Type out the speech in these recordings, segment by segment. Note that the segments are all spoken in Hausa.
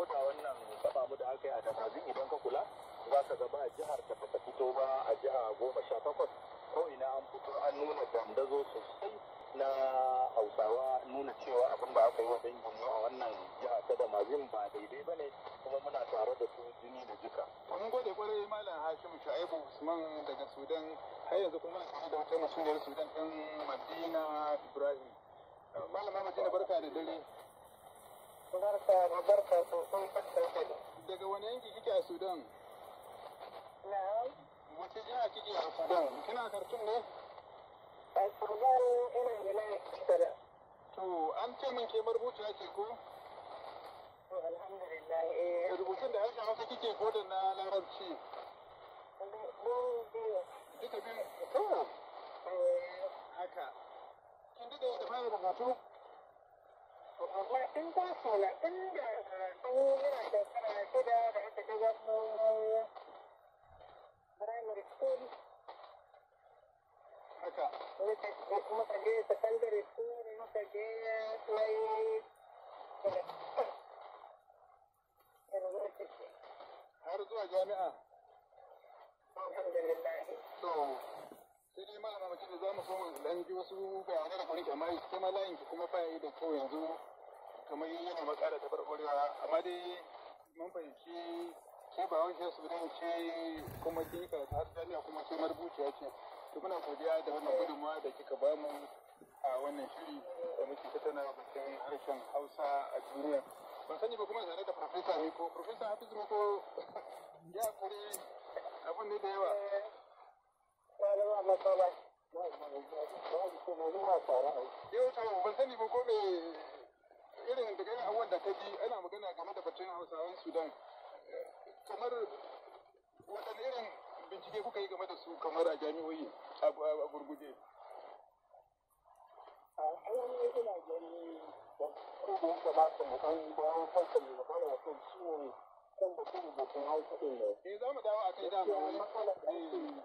koda wannan saba mu da aka yi a tanazi idan ka kula za ka ga ba jihar ta ta fito ba a jiha goma sha takwas ko ina an fito an nuna dandazo sosai na hausawa nuna cewa abin ba aka yi wa dangin a wannan jiha ta da mazin ba daidai ba ne kuma muna tare da su jini da jika. mun gode kwarai malam hashim shaibu usman daga sudan har yanzu kuma muna tare da wata musulmiyar sudan ɗin madina ibrahim malama madina barka da dare barka da barka sosai daga wani yanki kike a sudan na'am wace jiha kike a sudan kina kartun ne a sudan ina da to an ce min ke marubuciya ce ko alhamdulillah eh rubutun da harshen hausa kike ko da na larabci duka biyu to eh. haka kin dade da fara rubutu انت ولا انت كده بحيث كده اسمه برايمري سكول ممكن جاي سكندري سكول ممكن جاي اسمعي كده هرجع جامعة الحمد لله طيب. sai dai ma mamaki da zamu mu so dan ji wasu bayanai da kwanke amma ita ma layin ki kuma ba da kyau yanzu kamar yana makara ta barbarewa amma dai mun fahimci ke ba wani su dan ce kuma kin karatu har jami'a kuma ke marubuciya ce to muna godiya da wannan gudunmawa da kika bamu a wannan shiri da muke tattauna batun harshen Hausa a duniya ban sani ba kuma tare da farfesa ne ko farfesa Hafiz ko ya kuri abun ne da yawa ba matsala yau tsawo ban sani ba ko me irin da ganin abubuwan da ka ji ana magana game da batun hausawan sudan kamar waɗanne irin bincike kuka yi game da su kamar a jami'o'i a gurguje a hanyoyi suna gani da kogon da ba su mutan bayan farkon da ba na wasu ciwon kan batun rubutun hausa ɗin da. Eh za mu dawo a kai dama. Eh.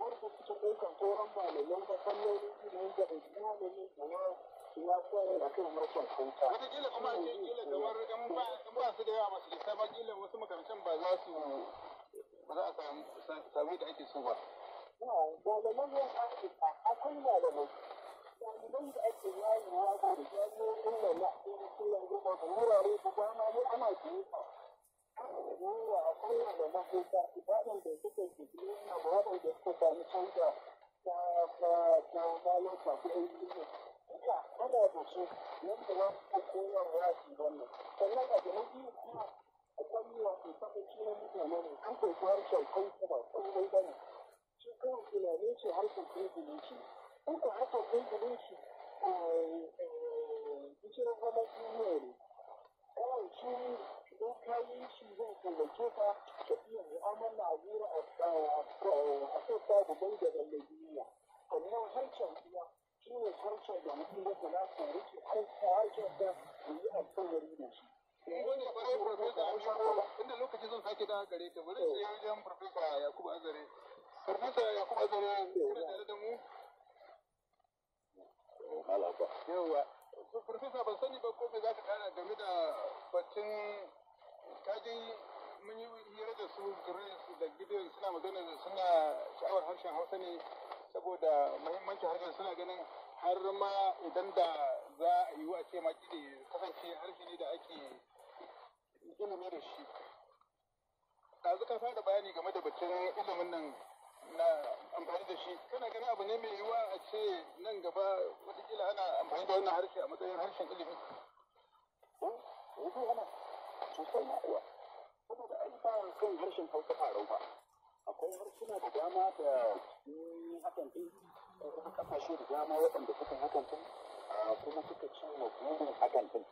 Wataƙila kuma ce kila kamar in ba su da yawa masu lissa ba kila wasu makarantar ba za su ba za a samu da ake so ba. Malaman yin Afirka akwai malamai. Ɗaliban da ake yayewa da jami'o'in nan na asirin suna gurɓata wurare da dama ne an kuka waɗanda suka jibiri na waɗanda suka sami canza ta ta halin a yi ne ita ana da su yadda za su koyarwa su wannan sannan a da na biyu kuma akwai wato tabbaci na mutane ne an kai harshen kanku ba komai ba ne shi kawai tunani ce harshen kanku shi in ka harshen kanku shi cikin zaman duniya ne kawai shi don kayi shi zai ka sake da gare ta bari sai wajen farfesa Yakubu Azare. Farfesa Yakubu Azare kuna tare da mu? Yawwa. Farfesa ban sani ba ko me za ka kara game da batun kajin mun yi hira da su su da gidiyon suna magana da suna sha'awar harshen Hausa ne saboda muhimmancin harshen suna ganin har ma idan da za a yi wa ce ma kidi kasance harshe ne da ake ilimi da shi. ɗazu ka fara bayani game da batun ilimin nan na amfani da shi kana gani abu ne mai yiwuwa a ce nan gaba watakila ana amfani da wannan harshe a matsayin harshen ilimi yanzu eh, eh, ana sosai na kuwa saboda ai ba kan harshen hausa a ba akwai harsuna da dama da hakan din ko kuma kasashe da dama waɗanda suka hakan din kuma suka ci wa burin hakan din